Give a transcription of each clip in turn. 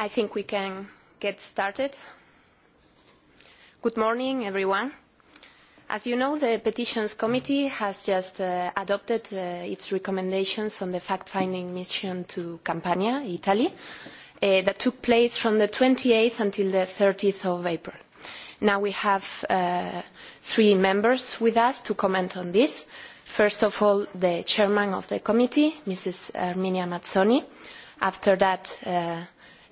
I think we can get started. Good morning, everyone. As you know, the Petitions Committee has just uh, adopted uh, its recommendations on the fact-finding mission to Campania, Italy, uh, that took place from the 28th until the 30th of April. Now we have uh, three members with us to comment on this. First of all, the chairman of the committee, Mrs. Arminia Mazzoni. After that, uh,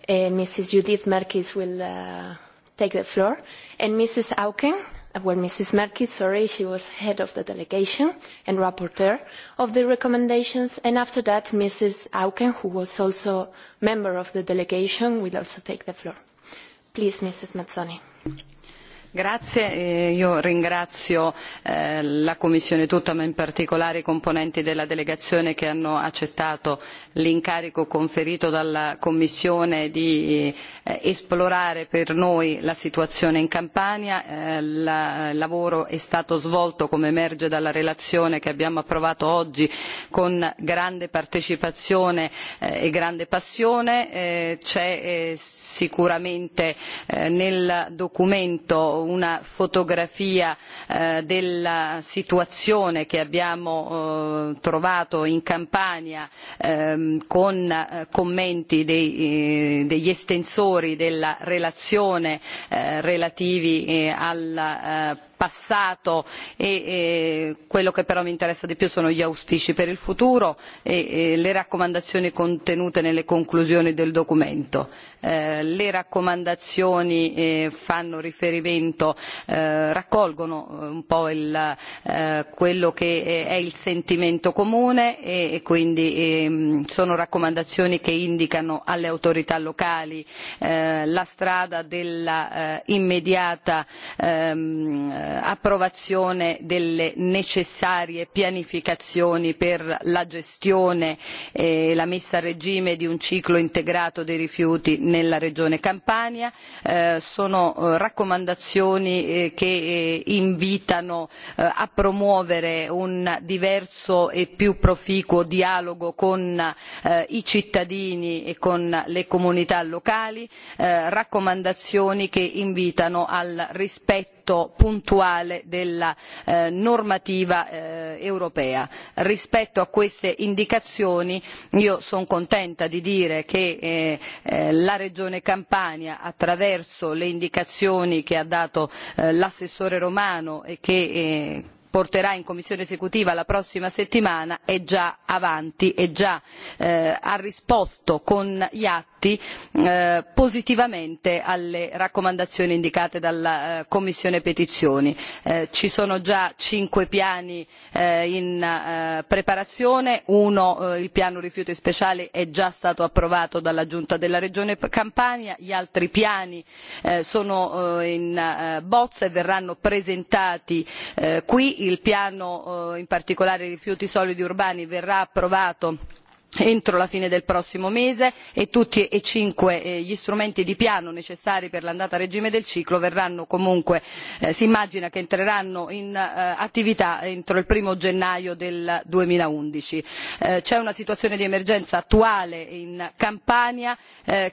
uh, Mrs. Judith Merkis will uh, take the floor, and Mrs. Auken, uh, well, Mrs. Merkis, sorry, she was head of the delegation and rapporteur of the recommendations, and after that, Mrs. Auken, who was also member of the delegation, will also take the floor. Please, Mrs. Mazzoni. Grazie, e io ringrazio eh, la Commissione tutta, ma in particolare i componenti della delegazione che hanno accettato l'incarico conferito dalla Commissione di eh, esplorare per noi la situazione in Campania. Eh, il lavoro è stato svolto, come emerge dalla relazione che abbiamo approvato oggi, con grande partecipazione e grande passione. C'è sicuramente nel documento una fotografia eh, della situazione che abbiamo eh, trovato in Campania eh, con eh, commenti dei, eh, degli estensori della relazione eh, relativi eh, alla eh, passato e, e quello che però mi interessa di più sono gli auspici per il futuro e, e le raccomandazioni contenute nelle conclusioni del documento. Eh, le raccomandazioni eh, fanno riferimento eh, raccolgono un po' il, quello che è il sentimento comune e, e quindi ehm, sono raccomandazioni che indicano alle autorità locali la strada dell'immediata ehm, Eh, approvazione delle necessarie pianificazioni per la gestione e la messa a regime di un ciclo integrato dei rifiuti nella regione Campania. Eh, sono eh, raccomandazioni che invitano a promuovere un diverso e più proficuo dialogo con i cittadini e con le comunità locali, raccomandazioni che invitano al rispetto rispetto puntuale della eh, normativa eh, europea. rispetto a queste indicazioni io sono contenta di dire che eh, la regione campania attraverso le indicazioni che ha dato l'assessore romano e che porterà in commissione esecutiva la prossima settimana è già avanti e già ha risposto con gli atti fatti eh, positivamente alle raccomandazioni indicate dalla eh, commissione petizioni. Eh, ci sono già cinque piani in preparazione uno il piano rifiuti speciali è già stato approvato dalla giunta della regione campania gli altri piani sono in bozza e verranno presentati qui il piano in particolare rifiuti solidi urbani verrà approvato entro la fine del prossimo mese e tutti e cinque eh, gli strumenti di piano necessari per l'andata a regime del ciclo verranno comunque eh, si immagina che entreranno in eh, attività entro il primo gennaio del. duemilaundici c'è una situazione di emergenza attuale in Campania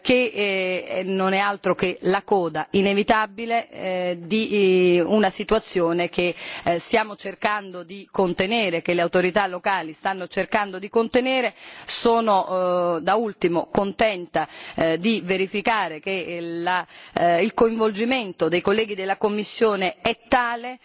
che non è altro che la coda inevitabile di una situazione che stiamo cercando di contenere che le autorità locali stanno cercando di contenere sono eh, da ultimo contenta eh, di verificare che eh, il coinvolgimento dei colleghi della commissione è tale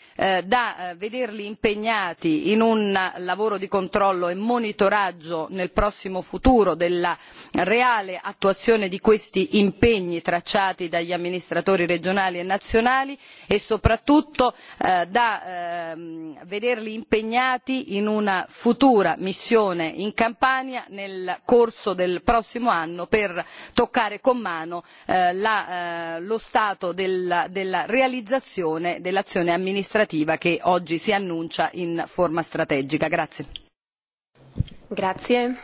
da vederli impegnati in un lavoro di controllo e monitoraggio nel prossimo futuro della reale attuazione di questi impegni tracciati dagli amministratori regionali e nazionali e soprattutto da ehm, vederli impegnati in una futura missione in campania nel corso del prossimo anno per toccare con mano eh, eh, lo stato della realizzazione dell'azione amministrativa che oggi si annuncia in forma strategica. Grazie,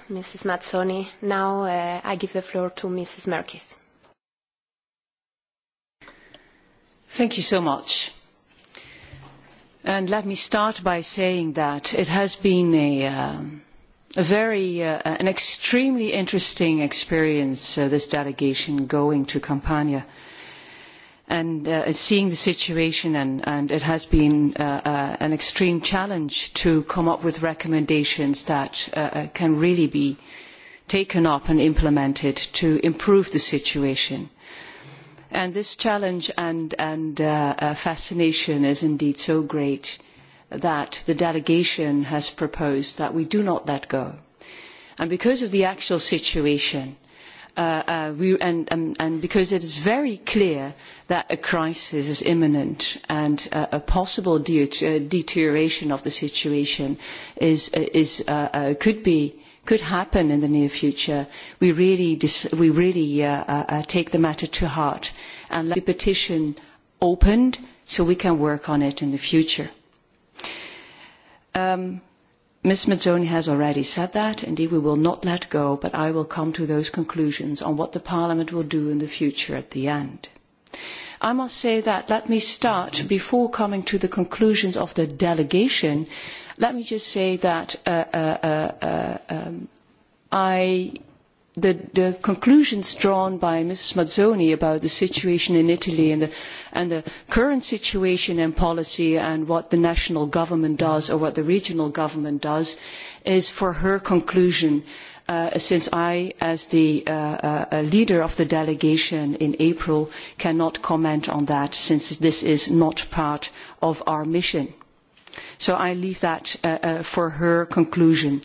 Mrs. Mazzoni. Now uh, I give the floor to Mrs. Merkis. Thank you so much. And let me start by saying that it has been a, um, very, uh, an extremely interesting experience, uh, this delegation going to Campania and uh, seeing the situation, and, and it has been uh, uh, an extreme challenge to come up with recommendations that uh, uh, can really be taken up and implemented to improve the situation. And this challenge and, and uh, uh, fascination is indeed so great uh, that the delegation has proposed that we do not let go. And because of the actual situation, uh, uh, we, and, um, and because it is very clear that a crisis is imminent and uh, a possible de uh, deterioration of the situation is, uh, is, uh, uh, could be could happen in the near future, we really, dis- we really uh, uh, uh take the matter to heart and let the petition opened so we can work on it in the future. Um, Ms. Mazzoni has already said that. Indeed, we will not let go, but I will come to those conclusions on what the Parliament will do in the future at the end. I must say that let me start before coming to the conclusions of the delegation. Let me just say that uh, uh, uh, uh um, I the, conclusions drawn by Mrs. Mazzoni about the situation in Italy and the, current situation and policy and what the national government does or what the regional government does is for her conclusion. Uh, since I, as the uh, uh, leader of the delegation in April, cannot comment on that since this is not part of our mission. So I leave that for her conclusion.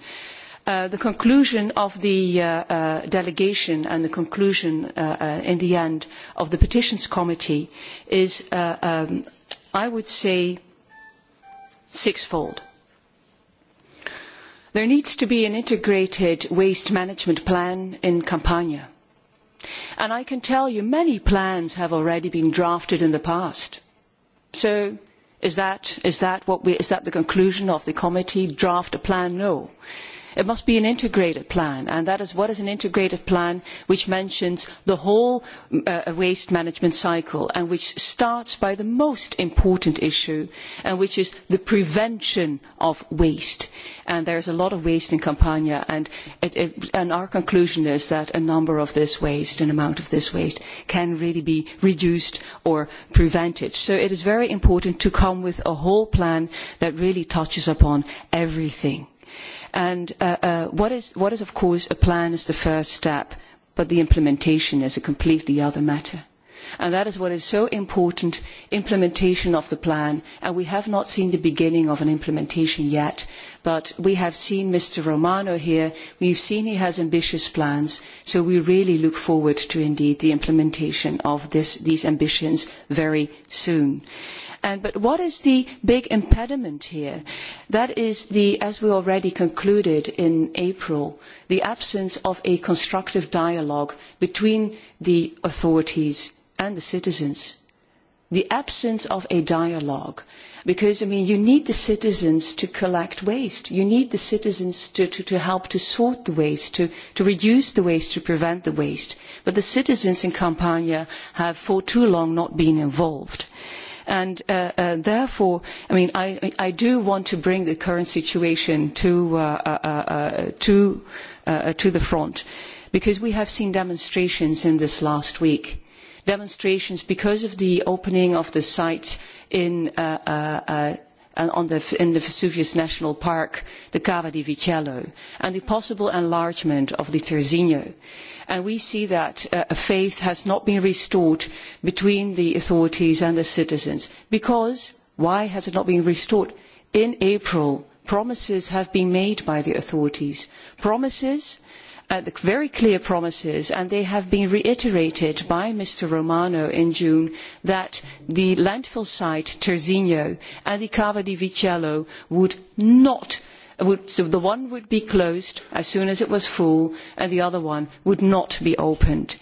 Uh, the conclusion of the uh, uh, delegation and the conclusion uh, uh, in the end of the petitions committee is, um, I would say, sixfold. There needs to be an integrated waste management plan in Campania. And I can tell you many plans have already been drafted in the past. So is that, is that, what we, is that the conclusion of the committee? Draft a plan? No. Uh, It must be an integrated plan, and that is what is an integrated plan which mentions the whole uh, uh, waste management cycle and which starts by the most important issue, and which is the prevention of waste. And there is a lot of waste in Campania, and, it, it, and our conclusion is that a number of this waste, an amount of this waste, can really be reduced or prevented. So it is very important to come with a whole plan that really touches upon everything. And uh, uh, what, is, what is, of course, a plan is the first step, but the implementation is a completely other matter. And that is what is so important, implementation of the plan. And we have not seen the beginning of an implementation yet, but we have seen Mr. Romano here. We've seen he has ambitious plans, so we really look forward to indeed the implementation of this, these ambitions very soon but what is the big impediment here? That is the, as we already concluded in April, the absence of a constructive dialogue between the authorities and the citizens. The absence of a dialogue because I mean you need the citizens to collect waste. You need the citizens to, to, to help to sort the waste, to, to reduce the waste, to prevent the waste. But the citizens in Campania have for too long not been involved and uh, uh, therefore, I mean, I, I do want to bring the current situation to uh, uh, uh, uh to uh, uh, to the front, because we have seen demonstrations in this last week demonstrations because of the opening of the site in uh, uh, on the, in the Vesuvius National Park, the Cava di Vicello, and the possible enlargement of the Terzigno. And we see that uh, faith has not been restored between the authorities and the citizens. Because, why has it not been restored? In April, promises have been made by the authorities. Promises uh, the very clear promises, and they have been reiterated by Mr. Romano in June, that the landfill site Terzigno and the Cava di Vicello would not would, so the one would be closed as soon as it was full, and the other one would not be opened.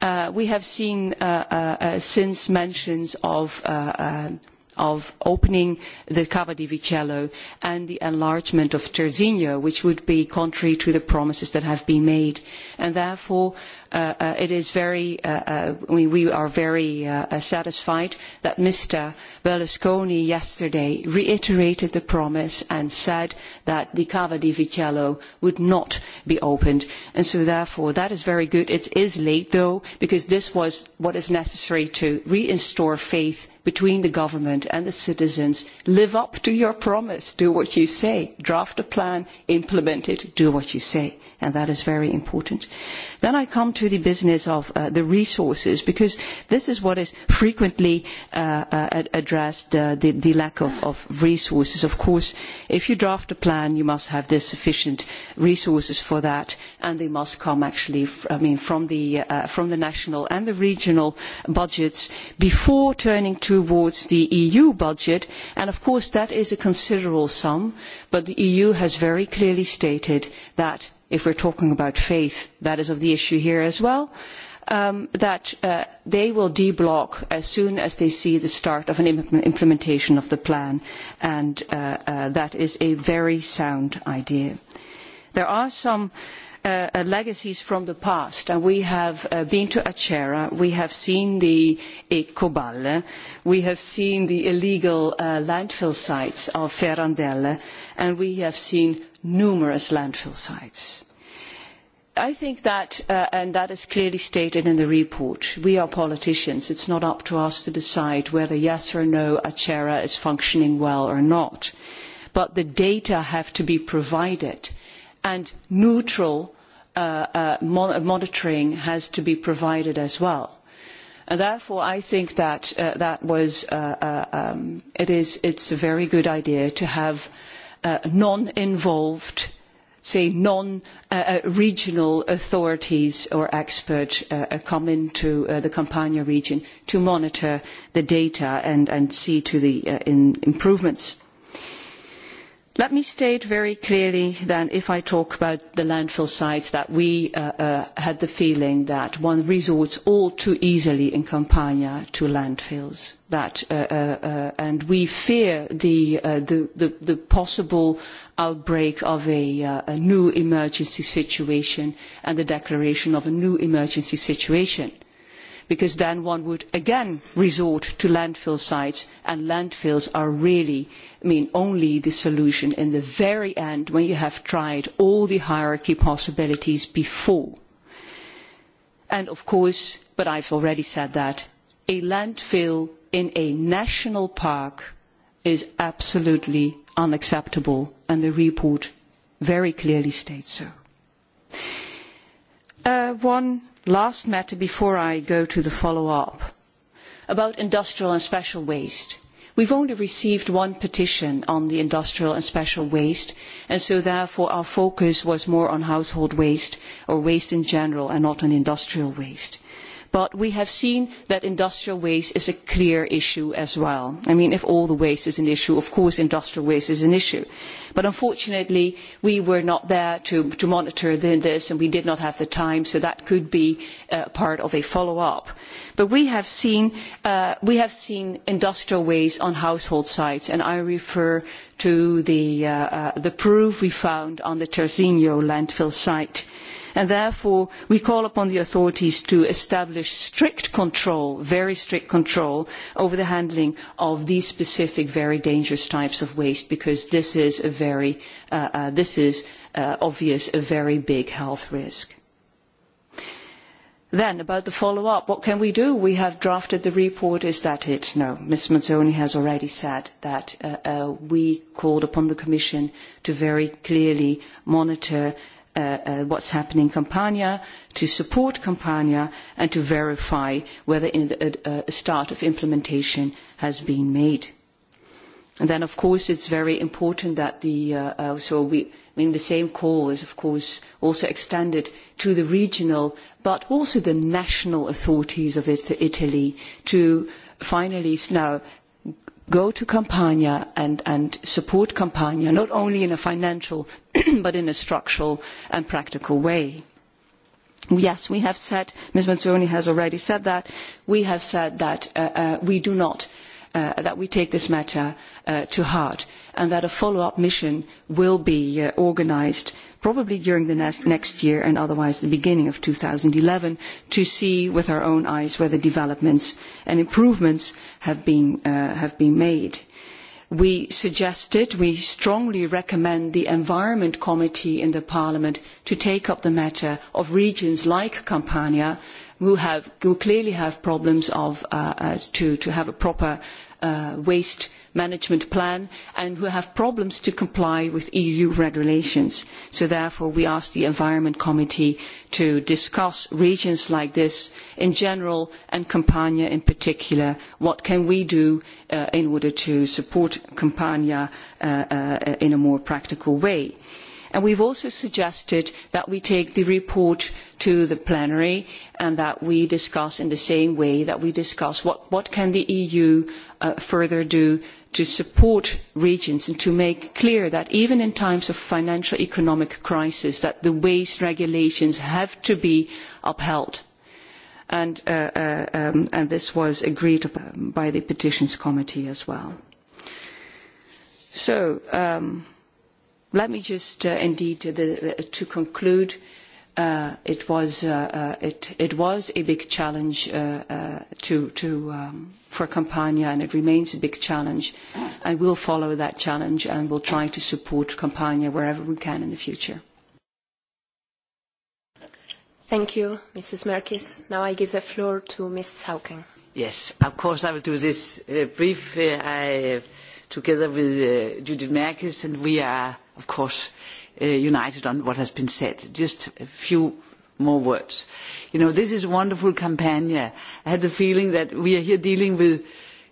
Uh, we have seen uh, uh, uh since mentions of uh, uh, of opening the Cava di Vicello and the enlargement of Terzigno, which would be contrary to the promises that have been made. And therefore, uh, uh, it is very, uh, we, are very satisfied that Mr. Berlusconi yesterday reiterated the promise and said that the Cava di Vicello would not be opened. And so therefore, that is very good. It is late though, because this was what is necessary to restore faith between the government and the citizens. Live up to your promise. Do what you say. Draft a plan. Implement it. Do what you say and that is very important. Then I come to the business of uh, the resources, because this is what is frequently uh, uh, addressed, uh, the, the lack of, of resources. Of course, if you draft a plan, you must have the sufficient resources for that, and they must come actually, I mean, from the, uh, from the national and the regional budgets before turning towards the EU budget. And of course, that is a considerable sum, but the EU has very clearly stated that if we're talking about faith, that is of the issue here as well, um, that uh, they will de deblock as soon as they see the start of an Im implementation of the plan. And uh, uh, that is a very sound idea. There are some Uh, uh, legacies from the past. And we have uh, been to Acera, we have seen the Ecoballe, we have seen the illegal uh, landfill sites of Ferrandelle, and we have seen numerous landfill sites. I think that, uh, and that is clearly stated in the report, we are politicians. It's not up to us to decide whether yes or no Achera is functioning well or not. But the data have to be provided, and neutral uh, uh, mon monitoring has to be provided as well. And therefore, I think that uh, that was uh, uh, um, it is it's a very good idea to have uh, uh, non-involved, say non-regional uh, uh, authorities or experts uh, come into the Campania region to monitor the data and, and see to the improvements. Let me state very clearly that if I talk about the landfill sites, that we uh, uh, had the feeling that one resorts all too easily in Campania to landfills, that, uh, we fear the, uh, the, the, the possible outbreak of a, uh, a new emergency situation and the declaration of a new emergency situation because then one would again resort to landfill sites and landfills are really I mean only the solution in the very end when you have tried all the hierarchy possibilities before and of course but I've already said that a landfill in a national park is absolutely unacceptable, and the report very clearly states so. Uh, one last matter before I go to the follow-up about industrial and special waste. We've only received one petition on the industrial and special waste, and so therefore our focus was more on household waste or waste in general and not on industrial waste. But we have seen that industrial waste is a clear issue as well. I mean, if all the waste is an issue, of course industrial waste is an issue. But unfortunately, we were not there to, to monitor the, this and we did not have the time, so that could be uh, part of a follow-up. But we have, seen, uh, we have seen industrial waste on household sites, and I refer to the, uh, uh, the proof we found on the Terzinho landfill site and therefore we call upon the authorities to establish strict control, very strict control, over the handling of these specific very dangerous types of waste because this is a very, uh, uh, this is uh, obvious, a very big health risk. Then, about the follow-up, what can we do? We have drafted the report. Is that it? No. Ms. Mazzoni has already said that uh, uh, we called upon the Commission to very clearly monitor Uh, uh, what's happening in Campania, to support Campania, and to verify whether the, uh, uh, a start of implementation has been made. And then, of course, it's very important that the uh, so we I mean the same call is, of course, also extended to the regional, but also the national authorities of Italy to finally now go to Campania and, and support Campania, not only in a financial but in a structural and practical way. Yes, we have said, Ms. Mazzoni has already said that, we have said that uh, uh, we do not uh, Uh, that we take this matter uh, to heart and that a follow-up mission will be uh, organised probably during the next, next year and otherwise the beginning of 2011 to see with our own eyes whether developments and improvements have been, uh, have been made. We suggested, we strongly recommend the Environment Committee in the Parliament to take up the matter of regions like Campania uh, will, have, will clearly have problems of, uh, uh, to, to have a proper uh, waste management plan and will have problems to comply with EU regulations. So therefore we ask the Environment Committee to discuss regions like this in general and Campania in particular. What can we do uh, in order to support Campania uh, uh, in a more practical way? Uh, And we've also suggested that we take the report to the plenary and that we discuss in the same way that we discuss what, what can the EU uh, further do to support regions and to make clear that even in times of financial economic crisis that the waste regulations have to be upheld. And, uh, uh, um, and this was agreed by the petitions committee as well. So, um, Let me just, uh, indeed, uh, the, uh, to conclude, uh, it was uh, uh, it, it was a big challenge uh, uh, to to um, for Campania, and it remains a big challenge, and we'll follow that challenge, and we'll try to support Campania wherever we can in the future. Thank you, Mrs. Merkis. Now I give the floor to Mrs. Hauken. Yes, of course I will do this uh, brief. Uh, I, together with uh, Judith Merkis, and we are of course, uh, united on what has been said. Just a few more words. You know, this is a wonderful campaign. I had the feeling that we are here dealing with,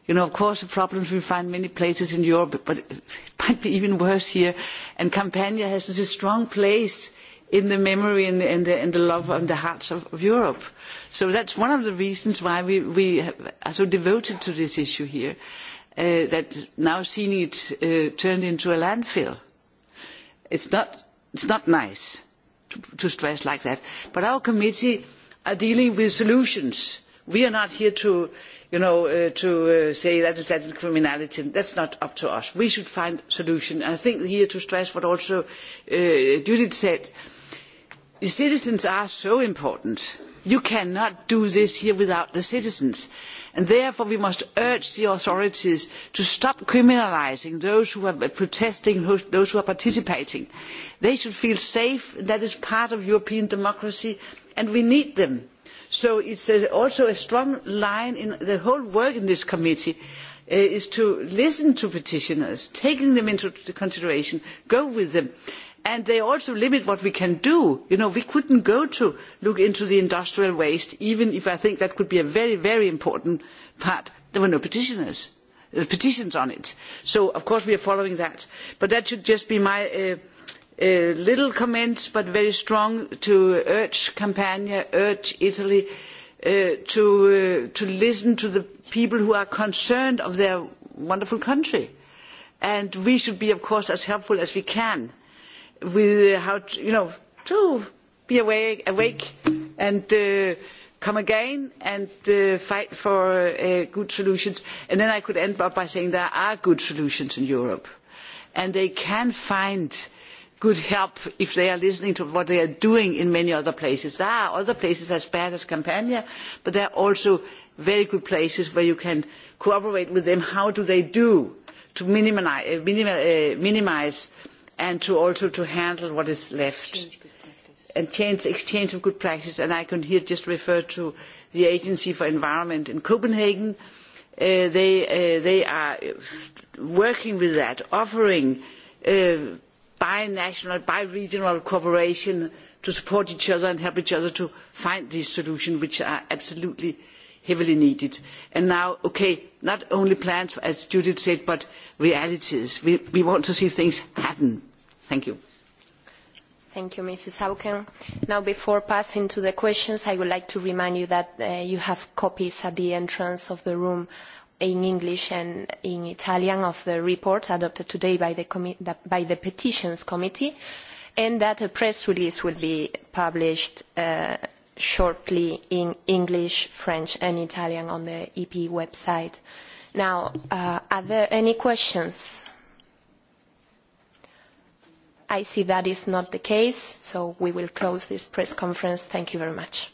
you know, of course, the problems we find many places in Europe, but it might be even worse here. And Campania has such a strong place in the memory and the, and the, and the love and the hearts of, of Europe. So that's one of the reasons why we, we are so devoted to this issue here, uh, that now seeing it uh, turned into a landfill It's not, it's not nice to, to stress like that. But our committee are dealing with solutions. We are not here to, you know, uh, to uh, say that is that criminality. That's not up to us. We should find solution. And I think here to stress what also uh, Judith said, the citizens are so important you cannot do this here without the citizens and therefore we must urge the authorities to stop criminalising those who are protesting those who are participating. they should feel safe that is part of european democracy and we need them. so it is also a strong line in the whole work in this committee uh, is to listen to petitioners taking them into consideration go with them and they also limit what we can do. You know, we couldn't go to look into the industrial waste, even if I think that could be a very, very important part. There were no petitioners, there uh, were petitions on it. So, of course, we are following that. But that should just be my uh, uh, little comment, but very strong to urge Campania, urge Italy uh, to, uh, to listen to the people who are concerned of their wonderful country. And we should be, of course, as helpful as we can with how to, you know to be awake, awake and uh, come again and uh, fight for uh, good solutions. And then I could end up by saying there are good solutions in Europe, and they can find good help if they are listening to what they are doing in many other places. There are other places as bad as Campania, but there are also very good places where you can cooperate with them. How do they do to uh, uh, minimize, minimize and to also to handle what is left and change exchange of good practice. And I can here just refer to the Agency for Environment in Copenhagen. Uh, they, uh, they are working with that, offering uh, bi-national, bi-regional cooperation to support each other and help each other to find these solutions which are absolutely heavily needed. And now, okay, not only plans, as Judith said, but realities. We, we want to see things happen Thank you. Thank you, Mrs. Hauken. Now, before passing to the questions, I would like to remind you that uh, you have copies at the entrance of the room in English and in Italian of the report adopted today by the, by the Petitions Committee, and that a press release will be published uh, shortly in English, French and Italian on the EP website. Now, uh, are there any questions? I see that is not the case, so we will close this press conference. Thank you very much.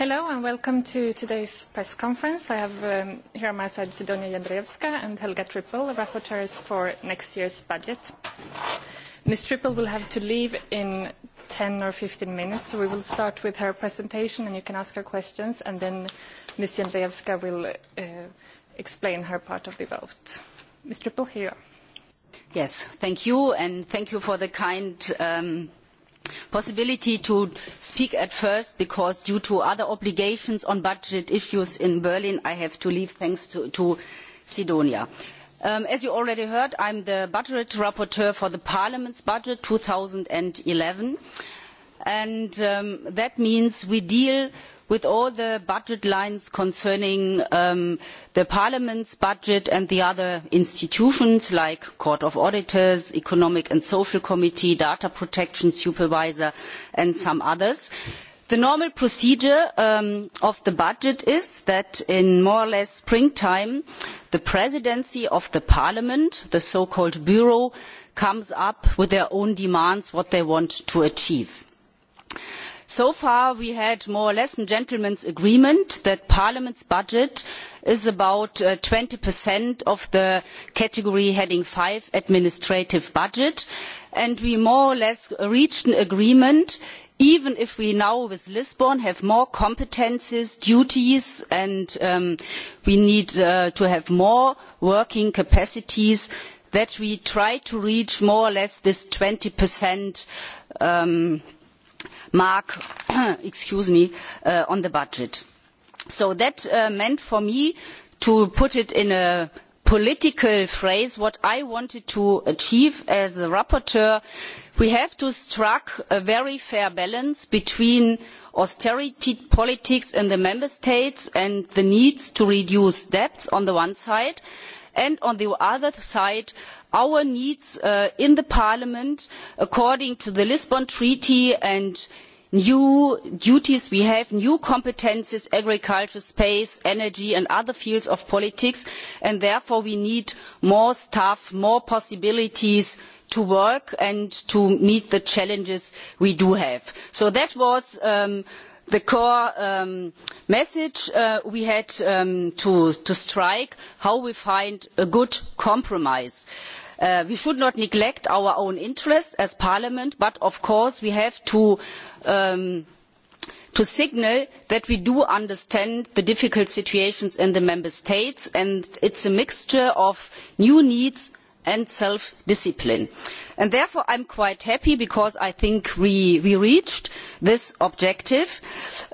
Hello and welcome to today's press conference. I have um, here on my side Sidonia Jędrzejewska and Helga Trippel, rapporteurs for next year's budget. Ms. Trippel will have to leave in 10 or 15 minutes, so we will start with her presentation and you can ask her questions, and then Ms. Jędrzejewska will uh, explain her part of the vote. Ms. Trippel, here you are. Yes, thank you, and thank you for the kind um, possibility to speak at first because due to other obligations on budget issues in Berlin I have to leave thanks to, Sidonia. Um, as you already heard, I'm the budget rapporteur for the Parliament's budget 2011 and um, that means we deal with all the budget lines concerning um, the parliament's budget and the other institutions like the court of auditors economic and social committee data protection supervisor and some others the normal procedure um, of the budget is that in more or less springtime the presidency of the parliament the so called bureau comes up with their own demands what they want to achieve so far we had more or less a gentlemen's agreement that parliament's budget is about uh, twenty of the category heading five administrative budget and we more or less reached an agreement even if we now with lisbon have more competences duties and um, we need uh, to have more working capacities that we try to reach more or less this twenty um, mark uh, on the budget. so that uh, meant for me to put it in a political phrase what i wanted to achieve as the rapporteur we have to strike a very fair balance between austerity politics in the member states and the need to reduce debts on the one side and and on the other side our needs uh, in parliament according to the lisbon treaty and new duties we have new competences agriculture space energy and other fields of politics and therefore we need more staff more possibilities to work and to meet the challenges we have. so that was um, the core um, message uh, we had um, to, to strike how we find a good compromise. Uh, we should not neglect our own interests as parliament but of course we have to, um, to signal that we do understand the difficult situations in the member states and it is a mixture of new needs and self discipline. therefore i am quite happy because i think we, we reached this objective.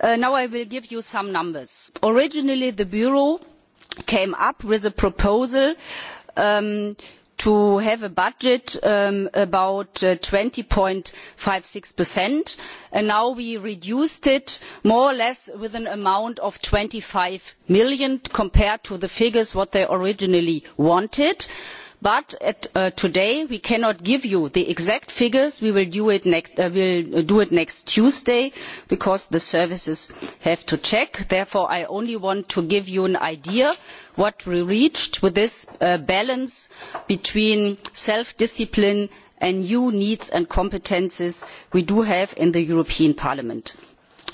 Uh, now i will give you some numbers. originally the bureau came up with a proposal um, to have a budget of um, about uh, twenty fifty six and now we reduced it more or less with an amount of eur twenty five million compared to the figures what they originally wanted but uh, today we cannot give you the exact figures. we will uh, do it next, tuesday because the services have to check. therefore i only want to give you an idea of what we reached with this uh, balance between self discipline and new needs and competences we have in the european parliament.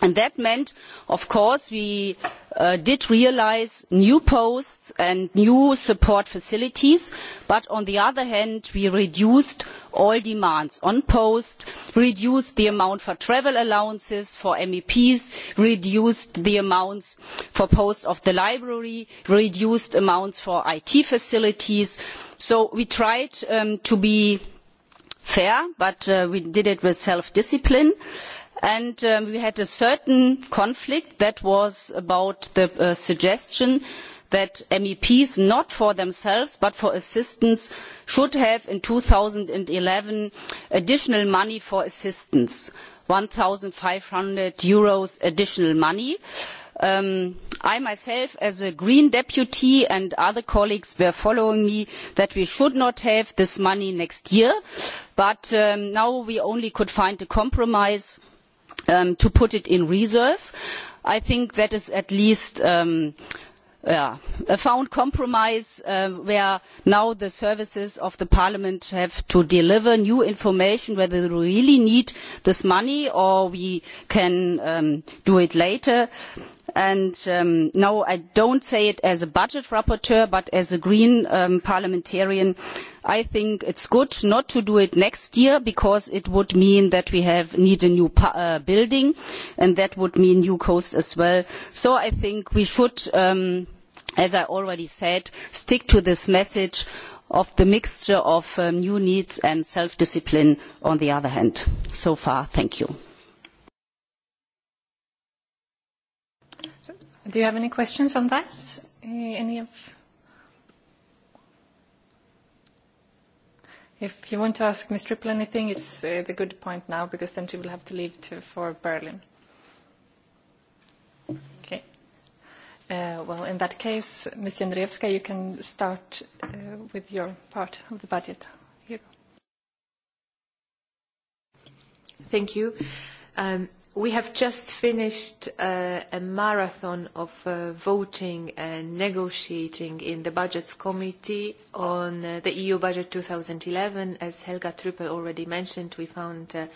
And that meant of course we uh, did realise new posts and new support facilities but on the other hand we reduced all demands on posts reduced the amount for travel allowances for meps reduced the amounts for posts of the library reduced amounts for it facilities so we tried um, to be fair but uh, we did it with self discipline and um, we had a certain conflict that was about the uh, suggestion that meps not for themselves but for assistance should have in two thousand and eleven additional money for assistance eur one five hundred additional money. Um, i myself as a green deputy and other colleagues were following me that we should not have this money next year but um, now we could only find a compromise on Um, to put it in reserve. I think that is at least um, yeah, a found compromise uh, where now the services of the parliament have to deliver new information whether we really need this money or we can um, do it later. Uh, and um, no i don't say it as a budget rapporteur but as a green um, parliamentarian i think it's good not to do it next year because it would mean that we need a new uh, building and that would mean new costs as well so i think we should um, as i already said stick to this message of the mixture of new needs and self discipline on the other hand. so far thank you. Do you have any questions on that? Any of... If you want to ask Ms. Triple anything, it's uh, the good point now, because then she will have to leave to, for Berlin. Okay. Uh, well, in that case, Ms. Jendrievska, you can start uh, with your part of the budget. Here Thank you. Um, We have just finished uh, a marathon of uh, voting and negotiating in the Budgets Committee on uh, the EU Budget 2011. As Helga Trüpel already mentioned, we found uh,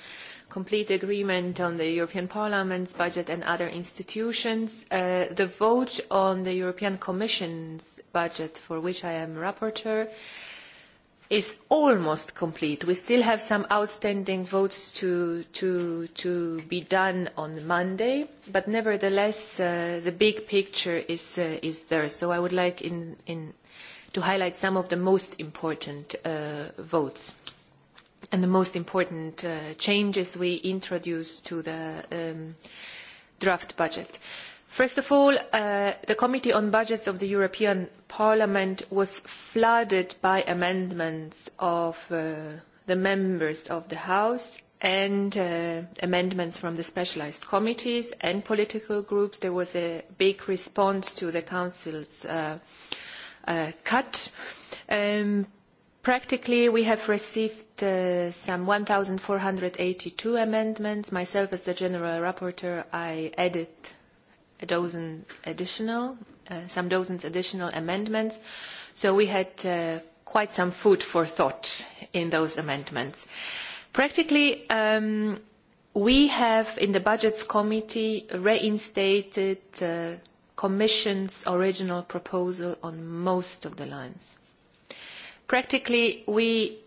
complete agreement on the European Parliament's budget and other institutions. Uh, the vote on the European Commission's budget, for which I am rapporteur, uh, is almost complete. We still have some outstanding votes to, to, to be done on Monday, but nevertheless, uh, the big picture is, uh, is there. So I would like in, in, to highlight some of the most important uh, votes and the most important uh, changes we introduced to the um, draft budget. Uh, First of all, uh, the Committee on Budgets of the European Parliament was flooded by amendments of uh, the members of the House and uh, amendments from the specialized committees and political groups. There was a big response to the Council's uh, uh, cut. Um, practically, we have received uh, some 1,482 amendments. Myself, as the General Rapporteur, I added a dozen additional, uh, some dozens additional amendments. So we had uh, quite some food for thought in those amendments. Practically, um, we have in the Budgets Committee reinstated uh, Commission's original proposal on most of the lines. Practically, we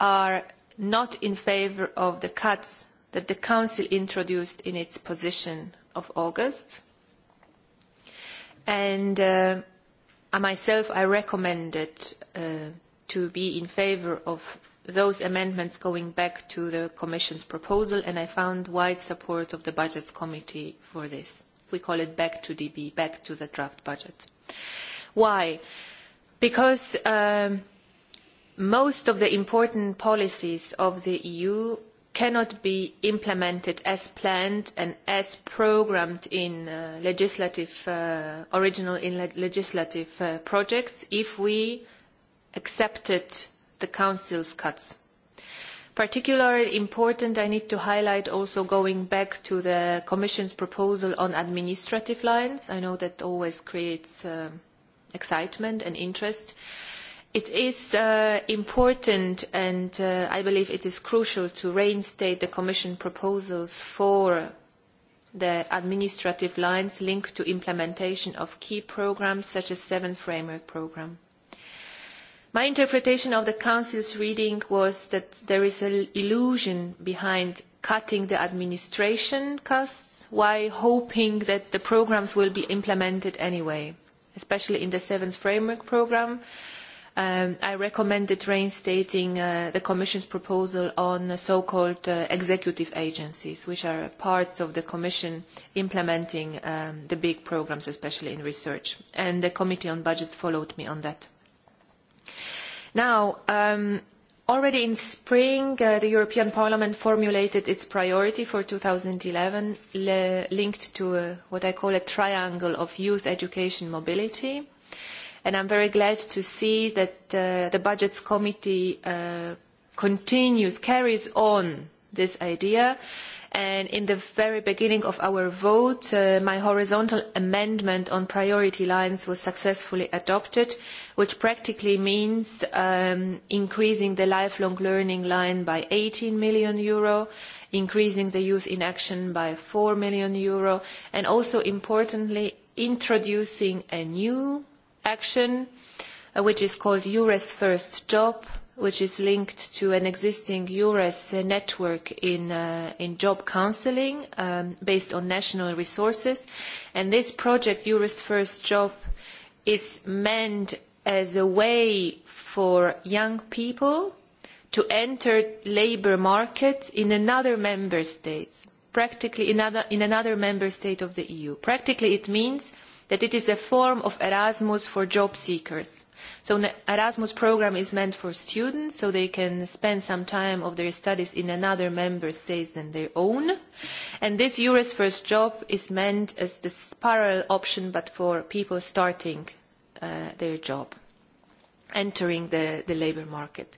are not in favour of the cuts that the Council introduced in its position of August. And uh, I myself, I recommended uh, to be in favor of those amendments going back to the Commission's proposal, and I found wide support of the Budgets Committee for this. We call it back to DB, back to the draft budget. Why? Because um, most of the important policies of the EU cannot be implemented as planned and as programmed in uh, legislative, uh, original in le legislative uh, projects if we accepted the Council's cuts. Particularly important, I need to highlight also going back to the Commission's proposal on administrative lines. I know that always creates um, excitement and interest. Uh, It is uh, important and uh, I believe it is crucial to reinstate the Commission proposals for the administrative lines linked to implementation of key programmes such as seventh framework programme. My interpretation of the Council's reading was that there is an illusion behind cutting the administration costs while hoping that the programmes will be implemented anyway, especially in the seventh framework programme. Uh, Um, I recommended reinstating uh, the Commission's proposal on so-called uh, executive agencies, which are parts of the Commission implementing um, the big programs, especially in research. And the Committee on Budgets followed me on that. Now, um, Already in spring, uh, the European Parliament formulated its priority for 2011, linked to a, uh, what I call a triangle of youth education mobility. Uh, and I'm very glad to see that uh, the Budgets Committee uh, continues, carries on this idea. And in the very beginning of our vote, uh, my horizontal amendment on priority lines was successfully adopted, which practically means um, increasing the lifelong learning line by 18 million euro, increasing the youth in action by 4 million euro, and also importantly, introducing a new action, uh, which is called EURES First Job, which is linked to an existing EURES network in, uh, in job counselling um, based on national resources. And this project, EURES First Job, is meant as a way for young people to enter labour market in another member state, practically in, other, in another member state of the EU. Practically it means that it is a form of Erasmus for job seekers. So an Erasmus program is meant for students, so they can spend some time of their studies in another member state than their own. And this Euros First Job is meant as the parallel option, but for people starting uh, their job, entering the, the labour market.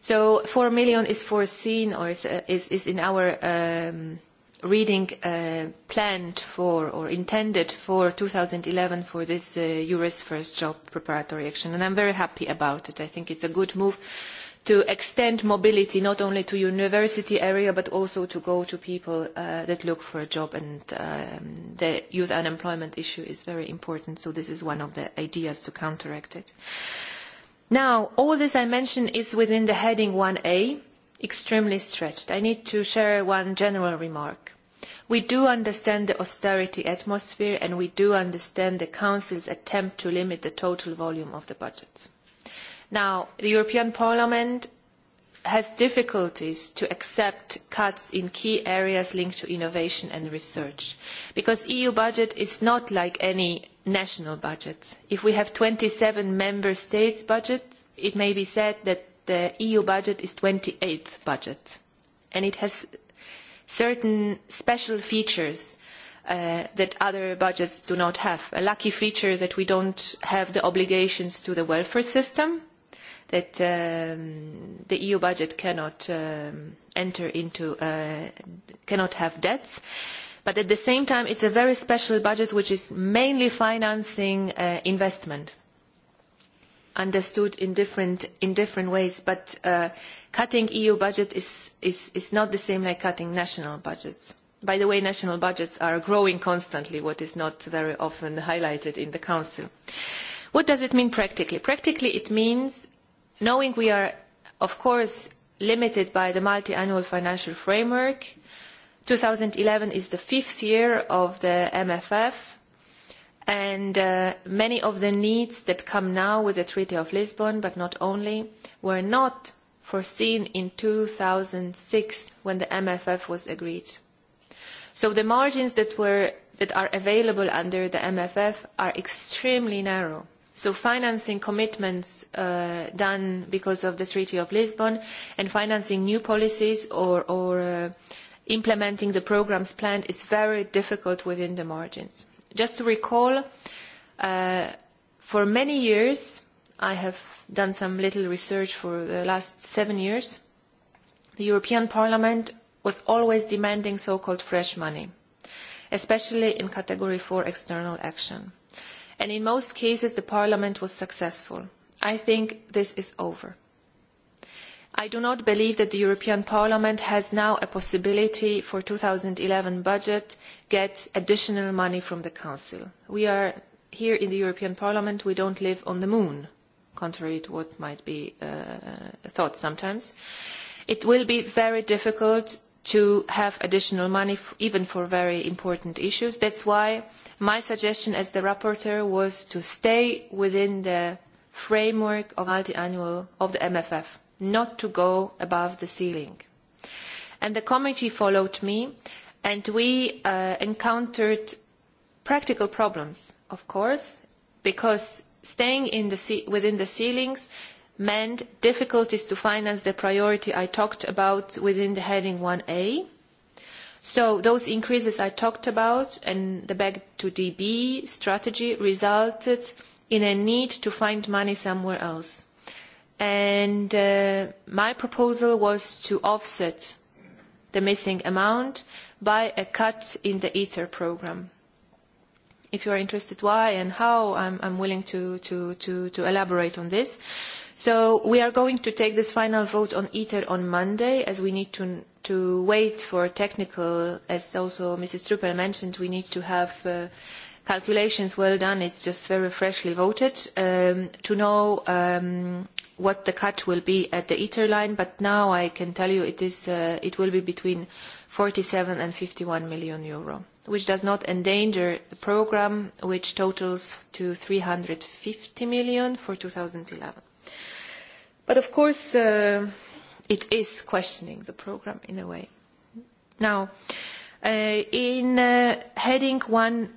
So 4 million is foreseen or is, uh, is, is in our um, reading uh, planned for or intended for 2011 for this uh, Euris First Job preparatory action. And I'm very happy about it. I think it's a good move to extend mobility not only to university area but also to go to people uh, that look for a job and um, the youth unemployment issue is very important so this is one of the ideas to counteract it. Now all this I mentioned is within the heading 1A extremely stretched. I need to share one general remark. We do understand the austerity atmosphere and we do understand the Council's attempt to limit the total volume of the budget. Now, the European Parliament has difficulties to accept cuts in key areas linked to innovation and research because EU budget is not like any national budget. If we have 27 member states budgets, it may be said that the EU budget is 28th budget, and it has certain special features uh, that other budgets do not have. A lucky feature that we don't have the obligations to the welfare system, that um, the EU budget cannot um, enter into, uh, cannot have debts. But at the same time, it's a very special budget which is mainly financing uh, investment understood in different in different ways. But uh, cutting EU budget is, is is not the same like cutting national budgets. By the way, national budgets are growing constantly, what is not very often highlighted in the Council. What does it mean practically? Practically, it means knowing we are, of course, limited by the multi-annual financial framework. 2011 is the fifth year of the MFF And uh, many of the needs that come now with the Treaty of Lisbon, but not only, were not foreseen in 2006 when the MFF was agreed. So the margins that, were, that are available under the MFF are extremely narrow. So financing commitments uh, done because of the Treaty of Lisbon and financing new policies or, or uh, implementing the programs planned is very difficult within the margins. Just to recall, uh, for many years, I have done some little research for the last seven years, the European Parliament was always demanding so-called fresh money, especially in category 4 external action. And in most cases, the Parliament was successful. I think this is over I do not believe that the European Parliament has now a possibility for 2011 budget get additional money from the Council. We are here in the European Parliament, we don't live on the moon, contrary to what might be uh, thought sometimes. It will be very difficult to have additional money even for very important issues. That's why my suggestion as the rapporteur was to stay within the framework of multi-annual of the MFF not to go above the ceiling. And the committee followed me, and we uh, encountered practical problems, of course, because staying in the within the ceilings meant difficulties to finance the priority I talked about within the heading 1A. So those increases I talked about and the back to DB strategy resulted in a need to find money somewhere else and uh, my proposal was to offset the missing amount by a cut in the ITER program. If you are interested why and how, I'm, I'm willing to, to, to, to elaborate on this. So we are going to take this final vote on ITER on Monday, as we need to, to wait for technical, as also Mrs. Truppel mentioned, we need to have uh, calculations well done. It's just very freshly voted um, to know um, what the cut will be at the ITER line, but now I can tell you it, is, uh, it will be between 47 and 51 million euro, which does not endanger the program, which totals to 350 million for 2011. But of course, uh, it is questioning the program in a way. Now, uh, in uh, heading one.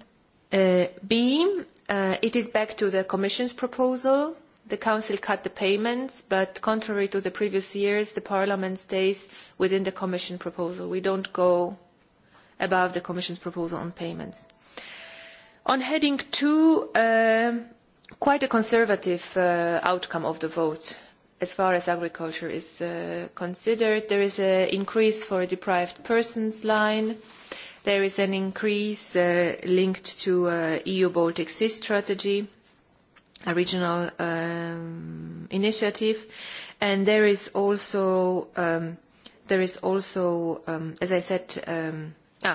Uh, B, uh, it is back to the Commission's proposal. The Council cut the payments, but contrary to the previous years, the Parliament stays within the Commission proposal. We don't go above the Commission's proposal on payments. On heading two, um, quite a conservative uh, outcome of the vote as far as agriculture is considered. There is an increase for deprived persons line. There is an increase uh, linked to uh, EU Baltic Sea strategy, a regional um, initiative, and there is also um, there is also, um, as I said, ah,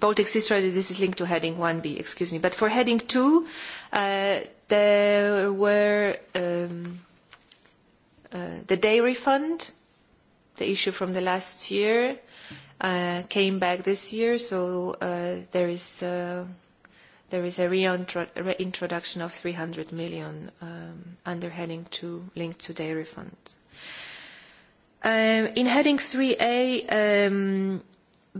Baltic Sea strategy. This is linked to heading 1B, excuse me. But for heading 2, uh, there were the dairy fund, the issue from the last year Uh, came back this year, so uh, there is uh, there is a reintroduction of 300 million um, under heading 2 linked to dairy funds. in heading 3A, um,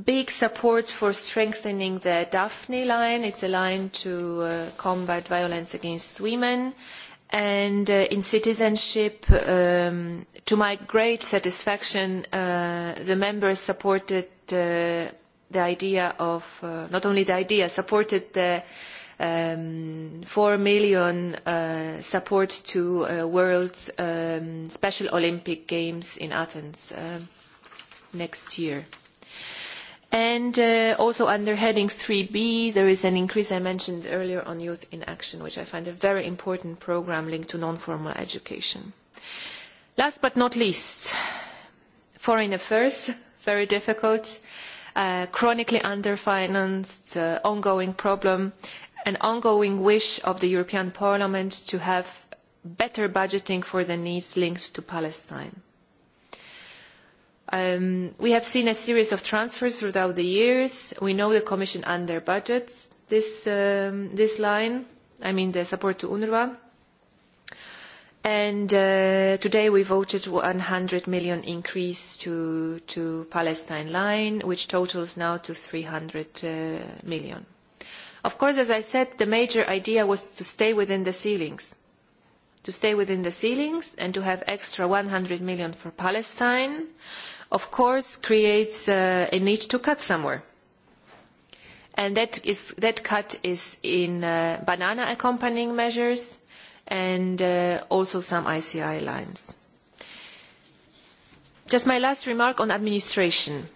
big support for strengthening the Daphne line. It's a line to combat violence against women and uh, in citizenship, um, to my great satisfaction, uh, the members supported uh, the idea of, uh, not only the idea, supported the um, 4 million uh, support to uh, World um, Special Olympic Games in Athens uh, next year. And uh, also under heading 3B, there is an increase I mentioned earlier on Youth in Action, which I find a very important program linked to non-formal education. Last but not least, foreign affairs, very difficult, uh, chronically underfinanced, uh, ongoing problem, an ongoing wish of the European Parliament to have better budgeting for the needs linked to Palestine Um, we have seen a series of transfers throughout the years. We know the Commission and their budgets this, um, this line, I mean the support to UNRWA. And uh, today we voted 100 million increase to, to Palestine line, which totals now to 300 uh, million. Of course, as I said, the major idea was to stay within the ceilings, to stay within the ceilings and to have extra 100 million for Palestine of course creates uh, a need to cut somewhere. And that, is, that cut is in uh, banana accompanying measures and uh, also some ICI lines. Just my last remark on administration.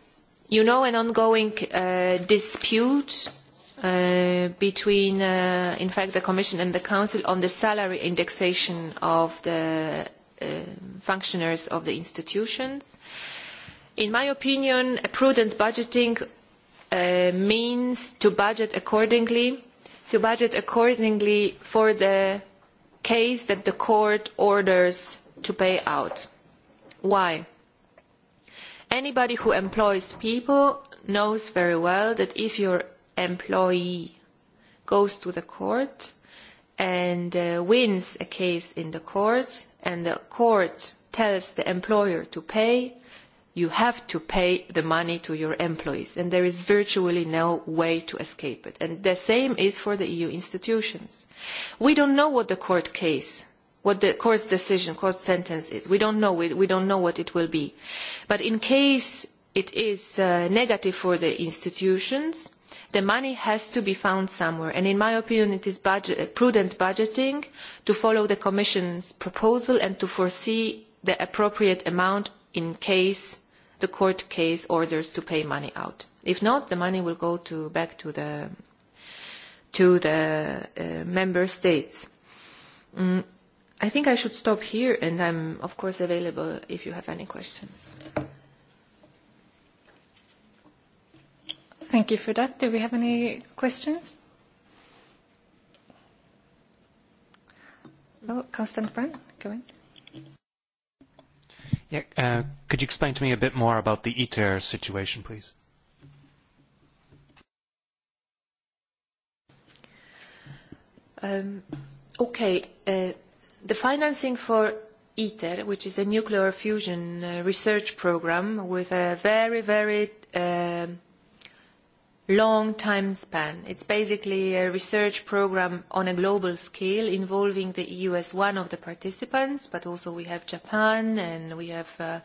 You know an ongoing uh, dispute Uh, between, uh, in fact, the Commission and the Council on the salary indexation of the uh, functionaries of the institutions. Uh, In my opinion, prudent budgeting uh, means to budget accordingly, to budget accordingly for the case that the court orders to pay out. Why? Anybody who employs people knows very well that if your employee goes to the court and uh, wins a case in the court and the court tells the employer to pay, you have to pay the money to your employees, and there is virtually no way to escape it. And the same is for the EU institutions. We don't know what the court case, what the court's decision, court sentence is. We don't know. We, we don't know what it will be. But in case it is uh, negative for the institutions, the money has to be found somewhere. And in my opinion, it is budget, uh, prudent budgeting to follow the Commission's proposal and to foresee the appropriate amount in case the court case orders to pay money out. If not, the money will go to, back to the, to the uh, member states. Mm, I think I should stop here, and I'm, of course, available if you have any questions. Thank you for that. Do we have any questions? Oh, Constant Brand, go ahead. Yeah, uh, could you explain to me a bit more about the ITER e situation, please? Um, okay. Uh, the financing for ITER, e which is a nuclear fusion uh, research program with a very, very uh, long time span. It's basically a research program on a global scale involving the EU as one of the participants, but also we have Japan and we have uh,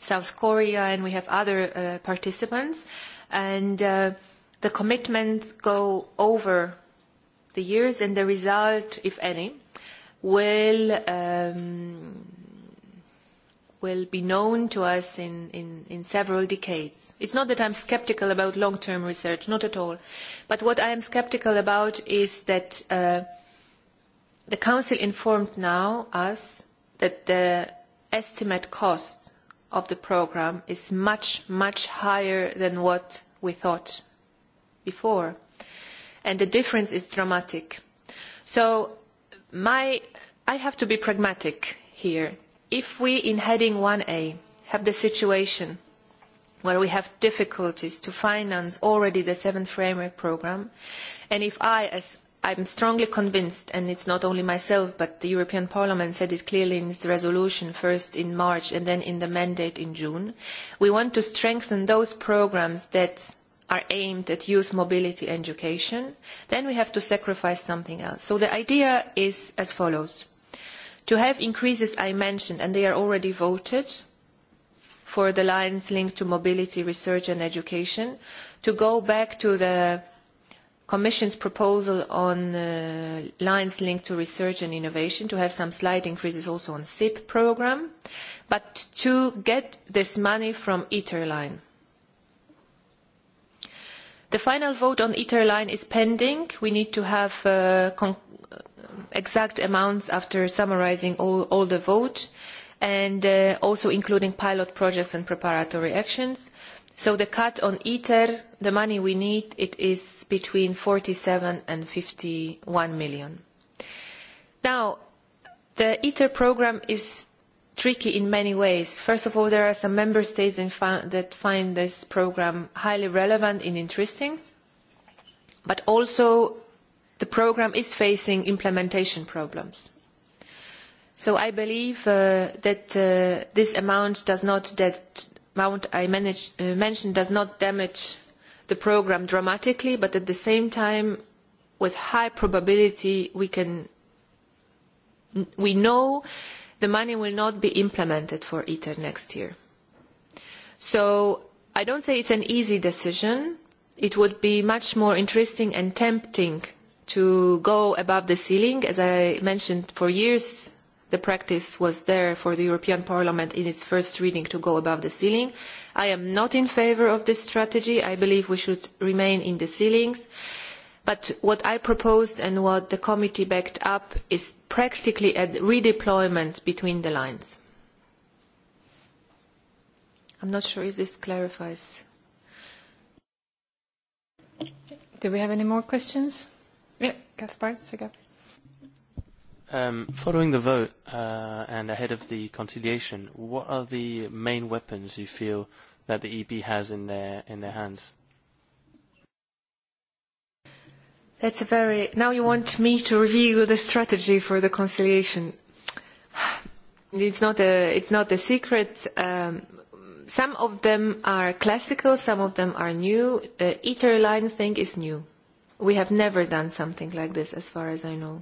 South Korea and we have other uh, participants. And uh, the commitments go over the years and the result, if any, will um, will be known to us in, in, in several decades. It's not that I'm skeptical about long-term research, not at all. But what I am skeptical about is that uh, the Council informed now us that the estimate cost of the program is much, much higher than what we thought before. And the difference is dramatic. So my, I have to be pragmatic here if we in heading 1A have the situation where we have difficulties to finance already the seventh framework program, and if I, as I'm strongly convinced, and it's not only myself, but the European Parliament said it clearly in its resolution, first in March and then in the mandate in June. We want to strengthen those programs that are aimed at youth mobility and education. Then we have to sacrifice something else. So the idea is as follows. To have increases I mentioned, and they are already voted, for the lines linked to mobility, research and education, to go back to the Commission's proposal on uh, lines linked to research and innovation to have some slight increases also on SIP program, but to get this money from ITER line. The final vote on ITER line is pending. We need to have uh, exact amounts after summarising all, the vote and uh, also including pilot projects and preparatory actions. So the cut on ITER, the money we need, it is between 47 and 51 million. Now, the ITER program is tricky in many ways. First of all, there are some member states that find this program highly relevant and interesting, but also the programme is facing implementation problems. So I believe uh, that uh, this amount does not that amount I manage, uh, mentioned does not damage the programme dramatically, but at the same time, with high probability, we can we know the money will not be implemented for ITER next year. So I don't say it's an easy decision. It would be much more interesting and tempting to go above the ceiling. As I mentioned, for years the practice was there for the European Parliament in its first reading to go above the ceiling. I am not in favour of this strategy. I believe we should remain in the ceilings. But what I proposed and what the committee backed up is practically a redeployment between the lines. I'm not sure if this clarifies. Do we have any more questions? Kaspar, Um, following the vote uh, and ahead of the conciliation, what are the main weapons you feel that the EP has in their in their hands? That's a very. Now you want me to reveal the strategy for the conciliation. It's not a. It's not a secret. Um, some of them are classical. Some of them are new. The ITER line thing is new We have never done something like this, as far as I know.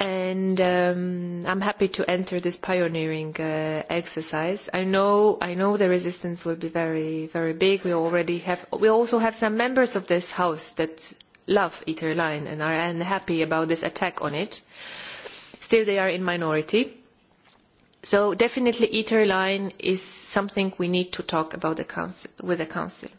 And um, I'm happy to enter this pioneering uh, exercise. I know, I know the resistance will be very, very big. We already have, we also have some members of this house that love Eterline and are unhappy about this attack on it. Still, they are in minority. So definitely, Eterline is something we need to talk about the council, with the council.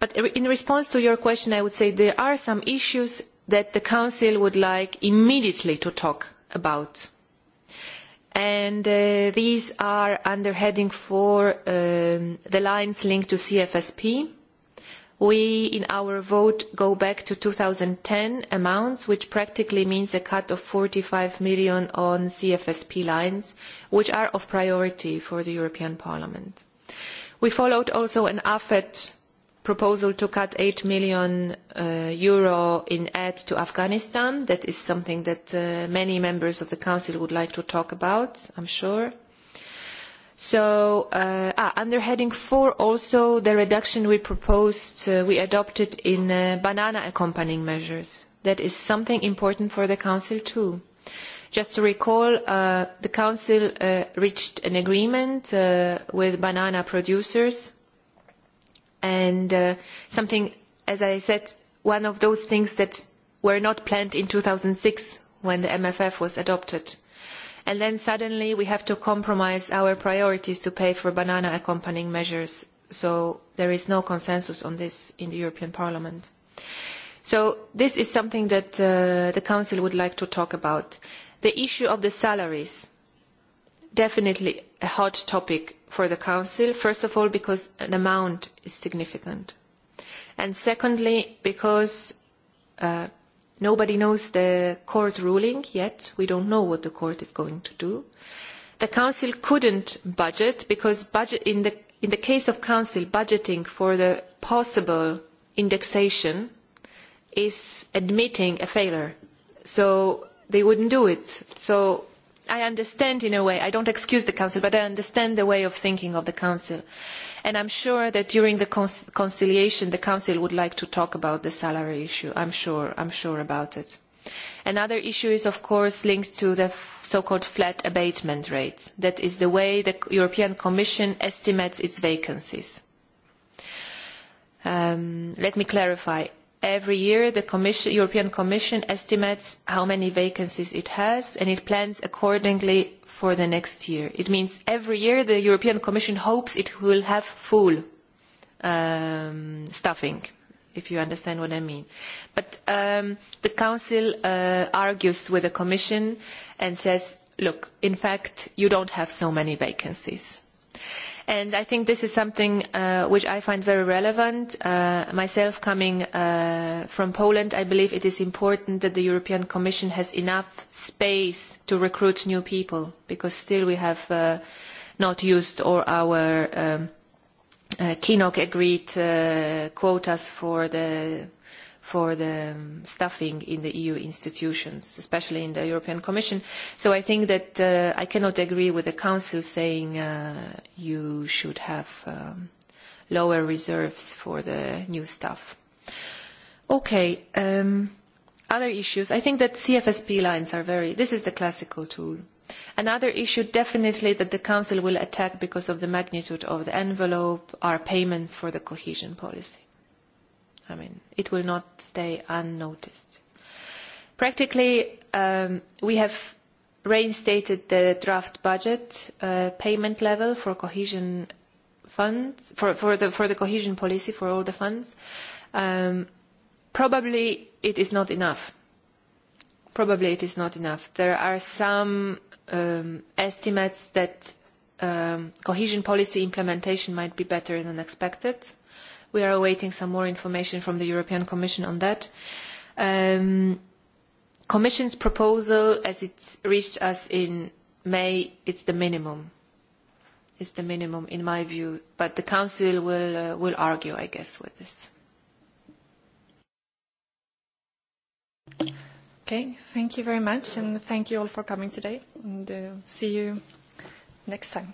But in response to your question, I would say there are some issues that the Council would like immediately to talk about. And uh, these are under heading four, um, the lines linked to CFSP. We, in our vote, go back to 2010 amounts, which practically means a cut of 45 million on CFSP lines, which are of priority for the European Parliament. We followed also an AFET proposal to cut 8 million uh, euro in aid to Afghanistan. That is something that uh, many members of the Council would like to talk about, I'm sure. So uh, ah, under heading 4 also the reduction we proposed, uh, we adopted in uh, banana accompanying measures. That is something important for the Council too. Just to recall, uh, the Council uh, reached an agreement uh, with banana producers and uh, something, as I said, one of those things that were not planned in 2006 when the MFF was adopted. And then suddenly we have to compromise our priorities to pay for banana accompanying measures. So there is no consensus on this in the European Parliament. So this is something that uh, the Council would like to talk about. The issue of the salaries, definitely a hot topic for the Council, first of all, because the amount is significant. And secondly, because uh, nobody knows the court ruling yet. We don't know what the court is going to do. The Council couldn't budget because budget in the, in the case of Council, budgeting for the possible indexation is admitting a failure. So they wouldn't do it. So I understand in a way, I don't excuse the Council, but I understand the way of thinking of the Council. And I'm sure that during the conciliation, the Council would like to talk about the salary issue. I'm sure, I'm sure about it. Another issue is, of course, linked to the so-called flat abatement rate. That is the way the European Commission estimates its vacancies. Um, let me clarify every year the commission, European Commission estimates how many vacancies it has and it plans accordingly for the next year. It means every year the European Commission hopes it will have full um, staffing, if you understand what I mean. But um, the Council uh, argues with the Commission and says, look, in fact, you don't have so many vacancies. And I think this is something uh, which I find very relevant. Uh, myself coming uh, from Poland, I believe it is important that the European Commission has enough space to recruit new people because still we have uh, not used all our um, uh, KINOC agreed uh, quotas for the for the um, staffing in the EU institutions, especially in the European Commission. So I think that uh, I cannot agree with the Council saying uh, you should have um, lower reserves for the new staff. Okay. Um, other issues. I think that CFSP lines are very, this is the classical tool. Another issue definitely that the Council will attack because of the magnitude of the envelope are payments for the cohesion policy I mean, it will not stay unnoticed. Practically, um, we have reinstated the draft budget uh, payment level for cohesion funds, for, for, the, for the cohesion policy, for all the funds. Um, probably it is not enough. Probably it is not enough. There are some um, estimates that um, cohesion policy implementation might be better than expected We are awaiting some more information from the European Commission on that. Um, Commission's proposal, as it's reached us in May, it's the minimum. It's the minimum, in my view. But the Council will uh, will argue, I guess, with this. Okay, thank you very much, and thank you all for coming today, and uh, see you next time.